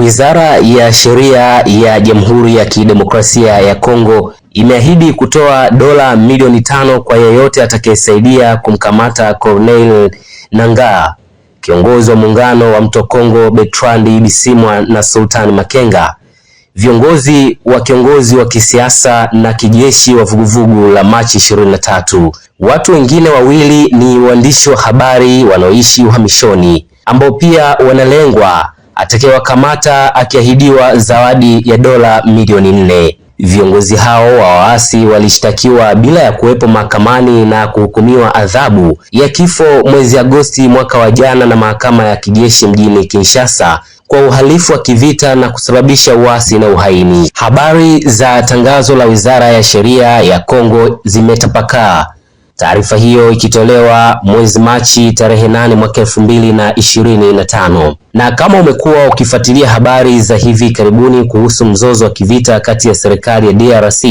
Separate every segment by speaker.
Speaker 1: Wizara ya Sheria ya Jamhuri ya Kidemokrasia ya Kongo imeahidi kutoa dola milioni tano kwa yeyote atakayesaidia kumkamata Corneille Nangaa, kiongozi wa muungano wa Mto Kongo Bertrand Bisimwa na Sultan Makenga, viongozi wa kiongozi wa kisiasa na kijeshi wa vuguvugu la Machi ishirini na tatu. Watu wengine wawili ni waandishi wa habari wanaoishi uhamishoni ambao pia wanalengwa atakayewakamata akiahidiwa zawadi ya dola milioni nne. Viongozi hao wa waasi walishtakiwa bila ya kuwepo mahakamani na kuhukumiwa adhabu ya kifo mwezi Agosti mwaka wa jana na mahakama ya kijeshi mjini Kinshasa kwa uhalifu wa kivita na kusababisha uasi na uhaini. Habari za tangazo la Wizara ya Sheria ya Kongo zimetapakaa Taarifa hiyo ikitolewa mwezi Machi tarehe nane mwaka elfu mbili na ishirini na tano. Na kama umekuwa ukifuatilia habari za hivi karibuni kuhusu mzozo wa kivita kati ya serikali ya DRC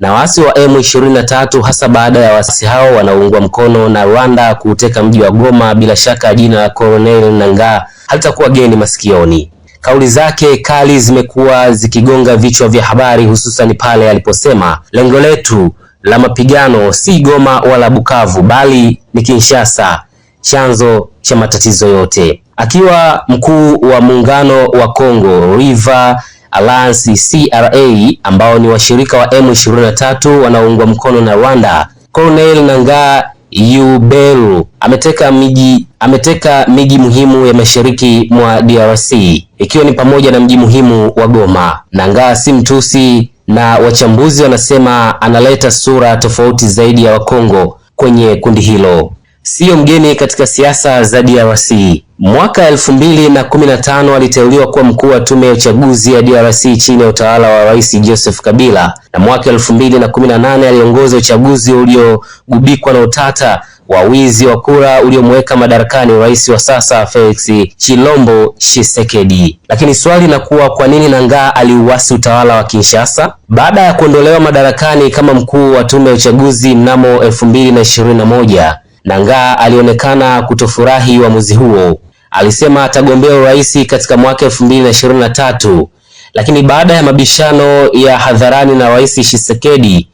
Speaker 1: na waasi wa M23 hasa baada ya waasi hao wanaoungwa mkono na Rwanda kuuteka mji wa Goma, bila shaka jina la Colonel Nangaa halitakuwa geni masikioni. Kauli zake kali zimekuwa zikigonga vichwa vya habari, hususan pale aliposema lengo letu la mapigano si Goma wala Bukavu, bali ni Kinshasa, chanzo cha matatizo yote. Akiwa mkuu wa muungano wa Kongo River Alliance CRA, ambao ni washirika wa M23 wanaoungwa mkono na Rwanda, Colonel Nangaa Yubelu ameteka miji ameteka miji muhimu ya mashariki mwa DRC ikiwa ni pamoja na mji muhimu wa Goma. Nangaa si mtusi na wachambuzi wanasema analeta sura tofauti zaidi ya Wakongo kwenye kundi hilo. Siyo mgeni katika siasa za DRC. Mwaka elfu mbili na kumi na tano aliteuliwa kuwa mkuu wa tume ya uchaguzi ya DRC chini ya utawala wa Rais Joseph Kabila, na mwaka elfu mbili na kumi na nane aliongoza uchaguzi uliogubikwa na utata wa wizi wa kura uliomweka madarakani rais wa sasa Felix Chilombo Tshisekedi. Lakini swali linakuwa kwa nini Nangaa aliuasi utawala wa Kinshasa? Baada ya kuondolewa madarakani kama mkuu wa tume ya uchaguzi mnamo 2021, na na Nangaa alionekana kutofurahi uamuzi huo. Alisema atagombea urais katika mwaka 2023 lakini baada ya mabishano ya hadharani na rais Tshisekedi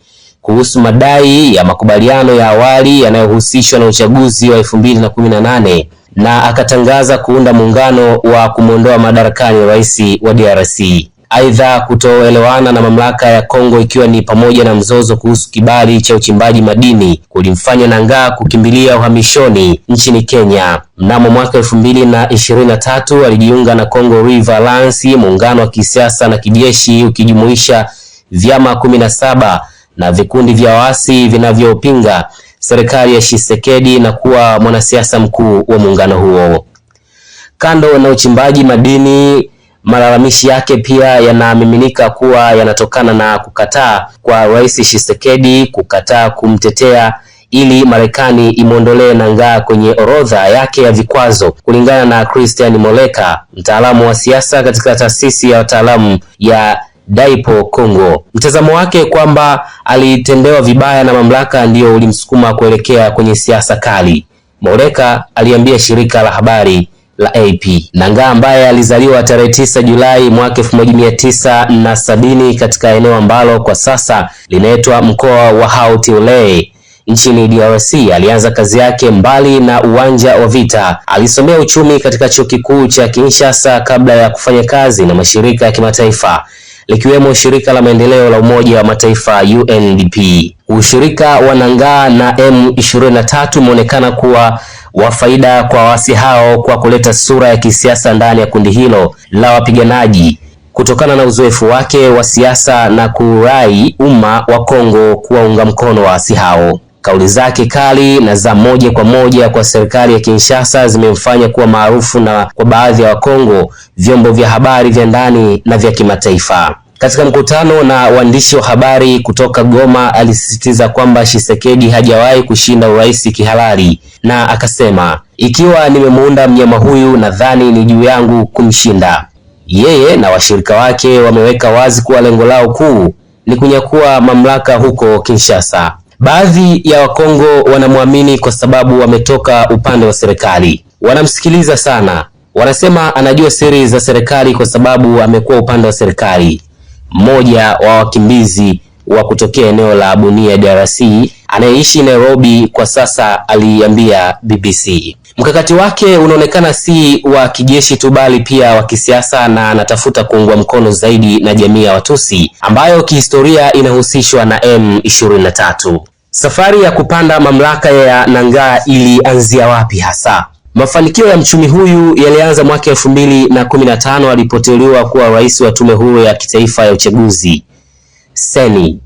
Speaker 1: kuhusu madai ya makubaliano ya awali yanayohusishwa na uchaguzi wa 2018 na akatangaza kuunda muungano wa kumwondoa madarakani rais wa DRC. Aidha, kutoelewana na mamlaka ya Kongo ikiwa ni pamoja na mzozo kuhusu kibali cha uchimbaji madini kulimfanya Nangaa kukimbilia uhamishoni nchini Kenya. Mnamo mwaka elfu mbili na ishirini na tatu alijiunga na Congo River Alliance, muungano wa kisiasa na kijeshi ukijumuisha vyama kumi na saba na vikundi vya waasi vinavyopinga serikali ya Tshisekedi na kuwa mwanasiasa mkuu wa muungano huo. Kando na uchimbaji madini, malalamishi yake pia yanamiminika kuwa yanatokana na kukataa kwa Rais Tshisekedi kukataa kumtetea ili Marekani imwondolee Nangaa kwenye orodha yake ya vikwazo, kulingana na Christian Moleka, mtaalamu wa siasa katika taasisi ya wataalamu ya Daipo Kongo. Mtazamo wake kwamba alitendewa vibaya na mamlaka ndiyo ulimsukuma kuelekea kwenye siasa kali, Moleka aliambia shirika la habari la AP. Nangaa ambaye alizaliwa tarehe tisa Julai mwaka elfu na sabini katika eneo ambalo kwa sasa linaitwa mkoa wa Haut-Uele nchini DRC alianza kazi yake mbali na uwanja wa vita. Alisomea uchumi katika chuo kikuu cha Kinshasa kabla ya kufanya kazi na mashirika ya kimataifa likiwemo shirika la maendeleo la Umoja wa Mataifa UNDP. Ushirika wa Nangaa na M23 umeonekana kuwa wa faida kwa waasi hao kwa kuleta sura ya kisiasa ndani ya kundi hilo la wapiganaji kutokana na uzoefu wake wa siasa na kurai umma wa Kongo kuwaunga mkono waasi hao. Kauli zake kali na za moja kwa moja kwa serikali ya Kinshasa zimemfanya kuwa maarufu na kwa baadhi ya Wakongo, vyombo vya habari vya ndani na vya kimataifa. Katika mkutano na waandishi wa habari kutoka Goma, alisisitiza kwamba Tshisekedi hajawahi kushinda urais kihalali, na akasema, ikiwa nimemuunda mnyama huyu, nadhani ni juu yangu kumshinda. Yeye na washirika wake wameweka wazi kuwa lengo lao kuu ni kunyakua mamlaka huko Kinshasa. Baadhi ya Wakongo wanamwamini kwa sababu wametoka upande wa serikali, wanamsikiliza sana, wanasema anajua siri za serikali kwa sababu amekuwa upande wa serikali. Mmoja wa wakimbizi wa kutokea eneo la Bunia DRC anayeishi Nairobi kwa sasa aliambia BBC. Mkakati wake unaonekana si wa kijeshi tu bali pia wa kisiasa na anatafuta kuungwa mkono zaidi na jamii ya Watusi ambayo kihistoria inahusishwa na M23. Safari ya kupanda mamlaka ya Nangaa ilianzia wapi hasa? Mafanikio ya mchumi huyu yalianza mwaka elfu mbili na kumi na tano alipoteuliwa kuwa rais wa Tume Huru ya Kitaifa ya Uchaguzi, Seni,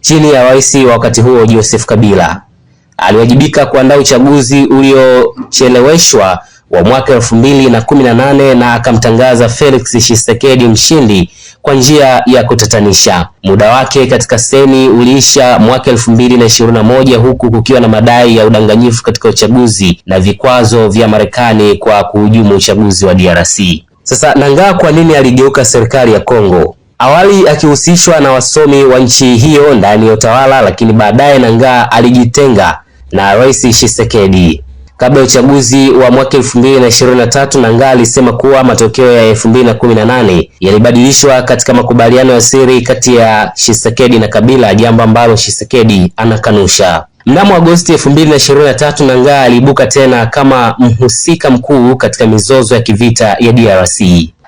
Speaker 1: chini ya rais wa wakati huo Joseph Kabila aliwajibika kuandaa uchaguzi uliocheleweshwa wa mwaka elfu mbili na kumi na nane na akamtangaza Felix Tshisekedi mshindi kwa njia ya kutatanisha. Muda wake katika seni uliisha mwaka elfu mbili na ishirini na moja huku kukiwa na madai ya udanganyifu katika uchaguzi na vikwazo vya Marekani kwa kuhujumu uchaguzi wa DRC. Sasa Nangaa kwa nini aligeuka serikali ya Kongo? Awali akihusishwa na wasomi wa nchi hiyo ndani ya utawala, lakini baadaye Nangaa alijitenga na Rais Tshisekedi. Kabla ya uchaguzi wa mwaka 2023 Nangaa alisema kuwa matokeo ya 2018 yalibadilishwa katika makubaliano ya siri kati ya Tshisekedi na Kabila, jambo ambalo Tshisekedi anakanusha. Mnamo Agosti 2023 Nangaa aliibuka tena kama mhusika mkuu katika mizozo ya kivita ya DRC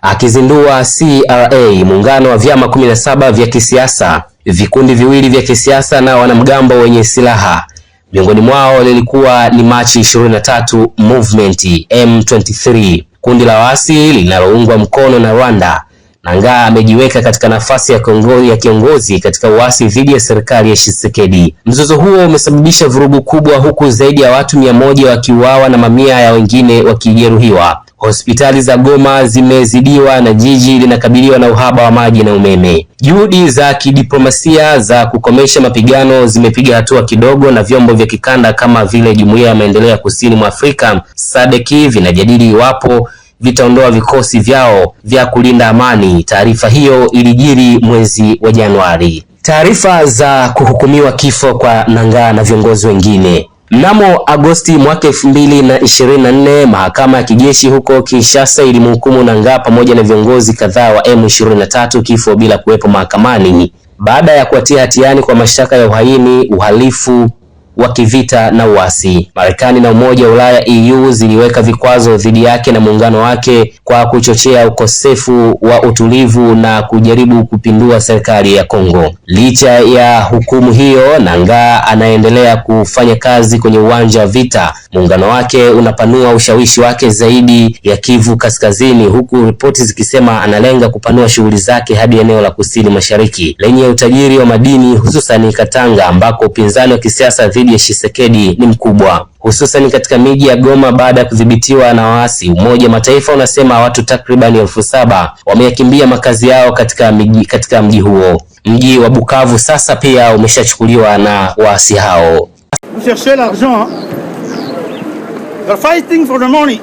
Speaker 1: akizindua CRA, muungano wa vyama 17 vya kisiasa, vikundi viwili vya kisiasa na wanamgambo wenye silaha Miongoni mwao lilikuwa ni Machi 23 Movement M23, kundi la waasi linaloungwa mkono na Rwanda. Nangaa amejiweka katika nafasi ya kiongozi ya kiongozi katika uasi dhidi ya serikali ya Tshisekedi. Mzozo huo umesababisha vurugu kubwa, huku zaidi ya watu mia moja wakiuawa na mamia ya wengine wakijeruhiwa. Hospitali za Goma zimezidiwa na jiji linakabiliwa na uhaba wa maji na umeme. Juhudi za kidiplomasia za kukomesha mapigano zimepiga hatua kidogo, na vyombo vya kikanda kama vile Jumuiya ya Maendeleo ya Kusini mwa Afrika SADC vinajadili iwapo vitaondoa vikosi vyao vya kulinda amani. Taarifa hiyo ilijiri mwezi wa Januari. Taarifa za kuhukumiwa kifo kwa Nangaa na viongozi wengine Mnamo Agosti mwaka na nne mahakama ya kijeshi huko Kinshasa ilimhukumu Nangaa pamoja na viongozi kadhaa wa M23 kifo bila kuwepo mahakamani baada ya kuatia hatiani kwa mashtaka ya uhaini, uhalifu wa kivita na uasi. Marekani na Umoja wa Ulaya EU ziliweka vikwazo dhidi yake na muungano wake kwa kuchochea ukosefu wa utulivu na kujaribu kupindua serikali ya Kongo. Licha ya hukumu hiyo, Nangaa anaendelea kufanya kazi kwenye uwanja wa vita Muungano wake unapanua ushawishi wake zaidi ya Kivu Kaskazini, huku ripoti zikisema analenga kupanua shughuli zake hadi eneo la kusini mashariki lenye utajiri wa madini, hususan Katanga ambako upinzani wa kisiasa dhidi ya Tshisekedi ni mkubwa hususan katika miji ya Goma baada ya kudhibitiwa na waasi. Umoja Mataifa unasema watu takribani elfu saba wameyakimbia makazi yao katika mji, katika mji huo. Mji wa Bukavu sasa pia umeshachukuliwa na waasi hao.
Speaker 2: You're fighting for the money.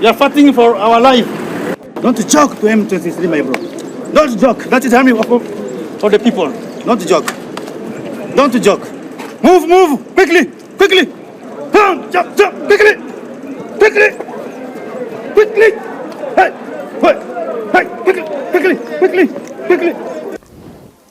Speaker 2: You're fighting for our life. Don't joke to M23, my bro. Don't joke. That is harming for the people. Don't joke. Don't joke. Move, move, quickly, quickly. Jump, jump, jump, quickly, quickly, quickly. Hey, hey, hey, quickly, quickly, quickly, quickly.